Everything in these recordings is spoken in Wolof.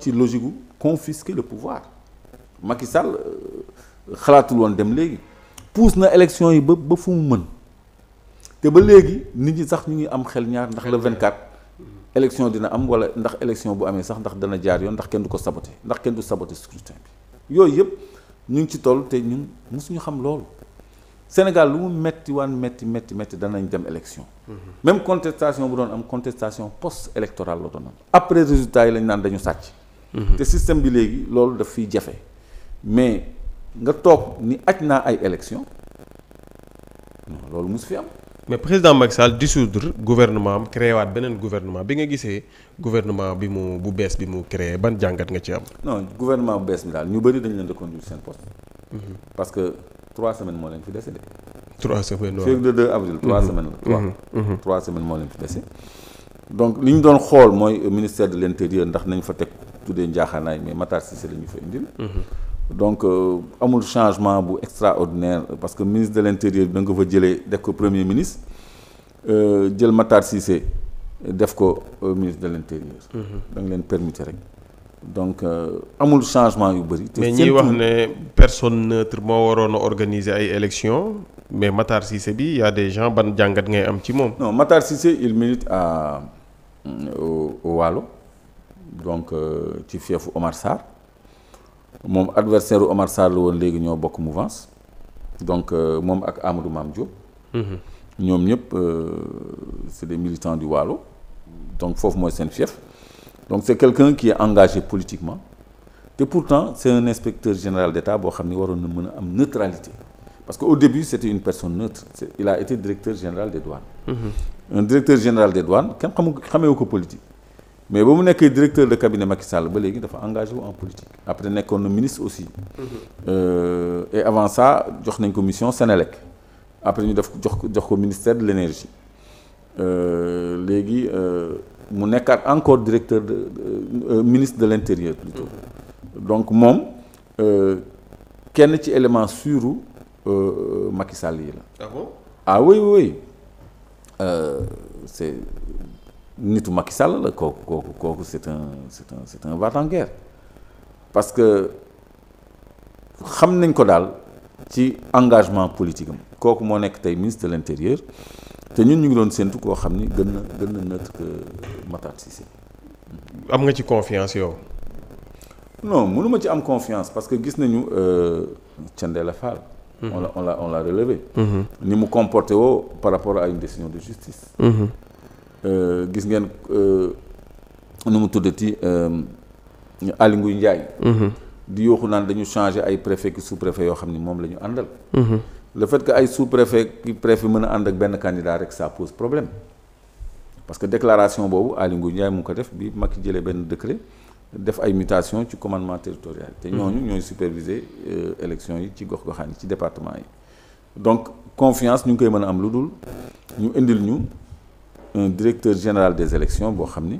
ci logique gu confisquer le pouvoir Macky Sall euh, xalaatul woon dem léegi pousse na élection yi ba ba fu mu mën te ba léegi nit ñi sax ñu ngi am xel ñaar ndax le 24 élection dina am wala ndax élection bu amee sax ndax dana jaar yoon ndax kenn du ko sabote ndax kenn du sabote scrutin bi yooyu yëpp ñu ngi ci toll te ñun mosuñu xam loolu Sénégal lu mu metti waan metti metti metti danañ dem élection mhm. même contestation bu doon am contestation post électorale la doon am après résultat yi lañ naan dañu sàcc te système bi léegi loolu daf fiy jafe mais nga toog ni aj naa ay élection non loolu mus fi am. mais président Macky Sall dissoudre gouvernement am créé waat beneen gouvernement bi nga gisee gouvernement bi mu bu bees bi mu créé ban jàngat nga ci am. non gouvernement bu bees bi daal ñu bëri dañ leen di conduire seen poste. Mhm. parce que trois semaines moo leen fi dese de. trois semaines waaw le 2 avril. Mhm. Mhm. moo leen fi dese. donc li ñu doon xool mooy ministère de l'intérieur ndax nañ fa teg tuddee njaaxaanaay mais Matar Cissé fa indil. Mhm. donc euh, amul changement bu extraordinaire parce que ministre de l' intérieur bi da nga fa jëlee def ko premier ministre euh, jël Matar def ko euh, ministre de l' intérieur. Mhm. da nga leen permuter rek. donc amul changement yu bëri. mais ñuy wax ne personne neutre moo waroon a organiser ay élections mais Matar bi y des gens ban jàngat ngay am ci moom. non Matar Cissé il milite à au Waalo. donc euh, ci fiefu Omar Sarr moom adversaire u Omar Sarr la woon léegi ñoo bokk mouvance donc euh, moom ak Amadou Mame Diop mm-hmm. ñoom ñëpp euh, c'est des militants du Waalo donc foofu mooy seen fief donc c'est quelqu'un qui est engagé politiquement te pourtant c'est un inspecteur général d'État boo xam ni waroon na mën a am neutralité parce que au début c'était une personne neutre il a été directeur général des douanes mm-hmm. un directeur général des douanes kenn xamu xameewu ko politique mais ba mu nekkee directeur de cabinet Macky Sall ba léegi dafa engagé wu en politique après nekkoon na ministre aussi mm-hmm. euh, et avant ça jox nañ ko mission Sénélec après ñu def jox ko jox ko ministère de l'énergie euh, léegi euh, mu nekkaat encore directeur de euh, ministre de l'intérieur plutôt mm-hmm. donc moom euh, kenn ci élément suru Macky Sall yi la ah bon ah oui nitu Macky Sall la kooku kooku kooku c'est un c'est un c'est un va en guerre parce que xam nañ ko daal ci engagement politique am kooku moo nekk tey ministre de l'intérieur te ñun ñu ngi doon séntu koo xam ni gën na gën na neutre que Matar Cissé. am nga ci confiance yow. non mënuma ci am confiance parce que gis nañu Thiendella euh, Fall. Mhm. on l'a on l'a on l'a relevé. Mhm. ni mu comporté woo par rapport à une décision de justice. Mhm. Euh, gis ngeen euh, nu mu tuddati euh, Aly Ngouille Ndiaye mhm. di yooxu naan dañu changé ay préfet ki sous préfet yoo xam ni moom la ñu àndal mhm. le fait que ay sous préfet ki mën a ànd ak benn candidat rek ça pose problème parce que déclaration boobu Aly Ngouille Ndiaye mu ko def bi Macky jëlee benn décret def ay mutation ci commandement territorial te mhm. ñooñu ñooy superviser élection yi ci gox-goxaan yi ci département yi donc confiance ñu ngi koy mën a am lu dul ñu indil ñu un directeur général des élections boo xam ni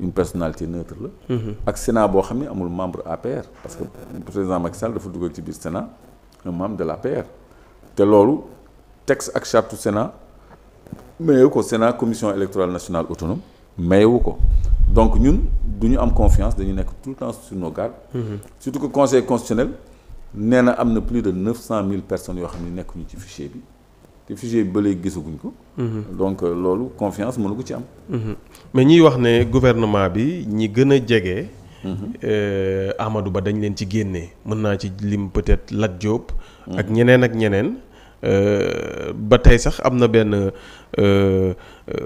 une personnalité neutre la. Mm-hmm. ak Sénat boo xam ni amul membre APR. parce que président Macky Sall dafa dugal ci biir Sénat un membre te loolu texte ak charte Sénat mayewu ko Sénat commission électorale nationale autonome mayewu ko donc ñun du ñu am confiance dañu nekk tout le temps sur nos gardes. Mm-hmm. surtout que conseil constitutionnel nee am na plus de personnes yoo xam ni nekkuñu ci fichier bi. te fichier bi ba léegi gisaguñ ko. Mhm. donc euh, loolu confiance mënu ko ci am. Mhm. mais ñiy wax ne gouvernement bi ñi gën a jege. Mhm. Euh, Amadou Ba dañ leen ci génnee mën naa ci lim peut-être Lat Diop. ak ñeneen ak ñeneen. Euh, ba tey sax am na benn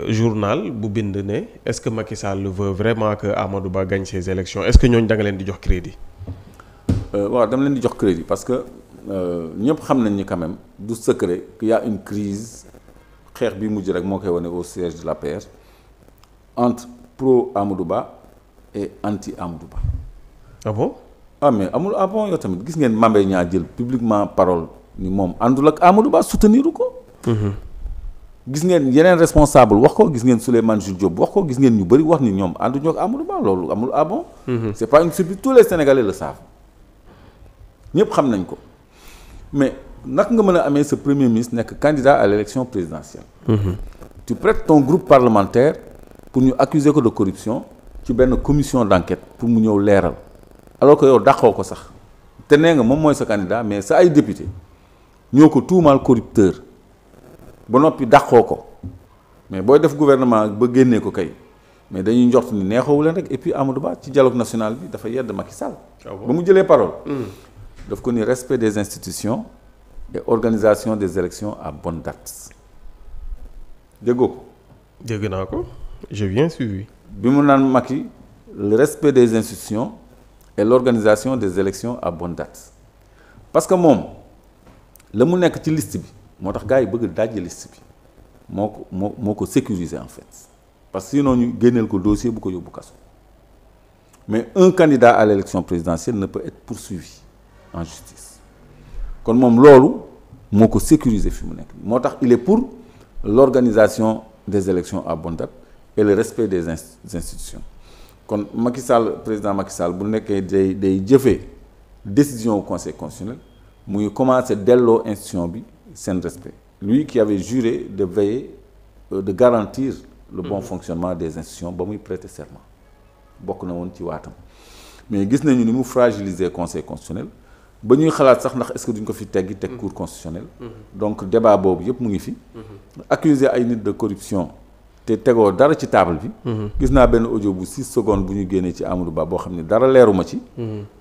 journal bu bind ne est-ce que Macky Sall vraiment que Amadou Ba gagne ses élections est-ce que ñooñu da nga leen di jox crédit. waaw dama leen di jox crédit parce Euh, ñëpp xam nañ ni quand même du secret qu'il y a une crise xeex bi mujj rek moo koy wane au siège de l'APR entre pro Amadou Ba et anti Amadou Ba. ah bon ah amul ah yow tamit gis ngeen Mambey ñaa jël publiquement parole ni moom àndul ak Amadou Ba soutenir ko. Mhm. gis ngeen yeneen responsable wax ko gis ngeen Souleymane Jules Diop wax ko gis ngeen ñu bari wax ni ñoom ànduñu ak Amadou Ba loolu amul ah bon. Mhm. c'est pas une surprise tous les Sénégalais le savent ñëpp xam nañ ko. mais naka nga mën a amee sa premier ministre nekk candidat à l' élection présidentielle. Mmh. tu prêtes ton groupe parlementaire pour ñu accuser ko de corruption ci benn commission d' enquête pour mu ñëw leeral alors que yow dàqoo ko sax te nee nga moom mooy sa candidat mais sa ay député ñoo ko mal corrupteur ba noppi dàqoo ko mais booy def gouvernement ba génnee ko kay. mais dañuy njort ni neexoowu leen rek et puis Amadou Ba ci dialogue national bi dafa yedd Macky Sall. Ah ba mu jëlee parole. Mm. daf ko ni respect des institutions et organisation des élections à bonne date déggoo ko. dégg naa ko j'ai bien suivi. bi mu naan Macky le respect des institutions et l'organisation des élections à bonne date parce que moom la mu nekk ci liste bi moo tax gars yi bëgg daj liste bi moo ko moo moo ko sécuriser en fait parce que noo ñu génneel ko dossier bu ko yóbbu kaso mais un candidat à l'élection présidentielle ne peut être poursuivi. en justice kon moom loolu moo ko sécuriser fi mu nekk moo tax il est pour l'organisation des élections à bonne date et le respect des institutions kon Macky Sall président Macky Sall bu nekkee day day jëfee décision au conseil constitutionnel muy commencer delloo institution bi seen respect lui qui avait juré de veiller euh, de garantir le bon mmh. fonctionnement des institutions ba muy prêter serment bokk na woon ci waatam mais gis nañu ni mu fragiliser conseil constitutionnel ba ñuy xalaat sax ndax est-ce que duñ ko fi teggi teg mm-hmm. cour constitutionnel mm-hmm. donc débat boobu yëpp mu ngi fi mm-hmm. accuser ay nit de corruption te tegoo dara ci table bi gis naa benn audio bu six secondes bu ñu génnee ci Amadou Ba boo xam ne dara leeruma ci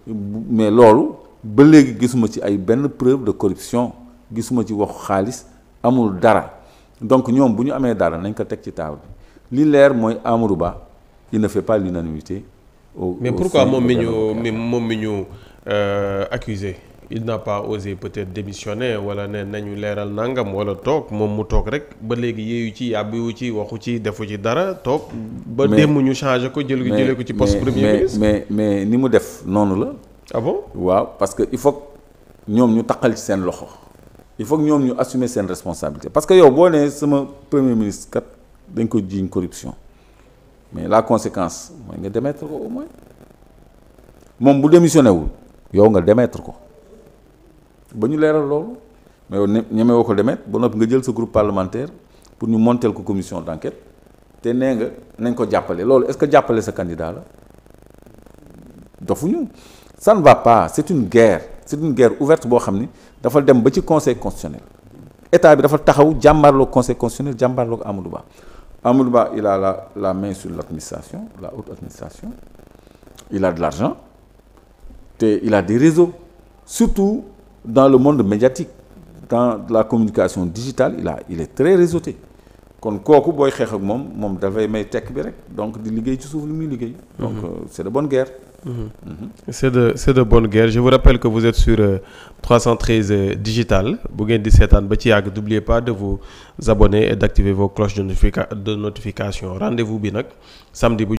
mais loolu ba léegi gisuma ci ay benn preuve de corruption gisuma ci waxu xaalis amul dara donc ñoom bu ñu amee dara nañ ko teg ci table bi li leer mooy Amadou Ba il ne fait pas l'unanimité au mais pourquoi moom mi ñu moom mi ñu accusé il n'a pas osé peut-être démissionner wala ne nañu leeral nangam wala toog moom mu toog rek ba léegi yeeyu ci yàbbiwu ci waxu ci defu ci dara toog. ba démb ñu changé ko jël jëlee ko ci poste premier ministre. mais mais ni mu def noonu la. ah waaw parce que il faut ñoom ñu taqal ci seen loxo. il faut que ñoom ñu assumer seen responsabilité parce que yow boo nee sama premier ministre kat dañ ko jiiñ corruption. mais la conséquence mooy nga démettre ko au moins moom bu démissionné wul yow nga démettre ko ba ñu leeral loolu mais yow ñemewoo ko démettre ba noppi nga jël sa groupe parlementaire pour ñu monteel ko commission d' enquête te nee nga nañ ko jàppale loolu est ce que jàppale sa candidat la dofuñu ça ne va pas c' est une guerre c' est une guerre ouverte boo xam ni dafa dem ba ci conseil constitutionnel état bi dafa taxaw jàmbaarloo conseil constitutionnel jàmbaarloo Amadou Amadou Ba il a la la main la l'administration la haute administration il a de l'argent te il a des réseaux surtout dans le monde médiatique dans la communication digitale il a il est très réseauté kon kooku booy xeex ak moom moom dafay may tekk bi rek donc di liggéey ci suuf li muy liggéey donc mhm. euh, c'est de bonne guerre Mhm. c'est de c'est de bonne guerre je vous rappelle que vous êtes sur 313 euh, euh, digital bu ngeen di seetaan ba ci yàgg n'oubliez pas de vous abonner et d'activer vos cloches de de notification rendez-vous bi nag samedi bu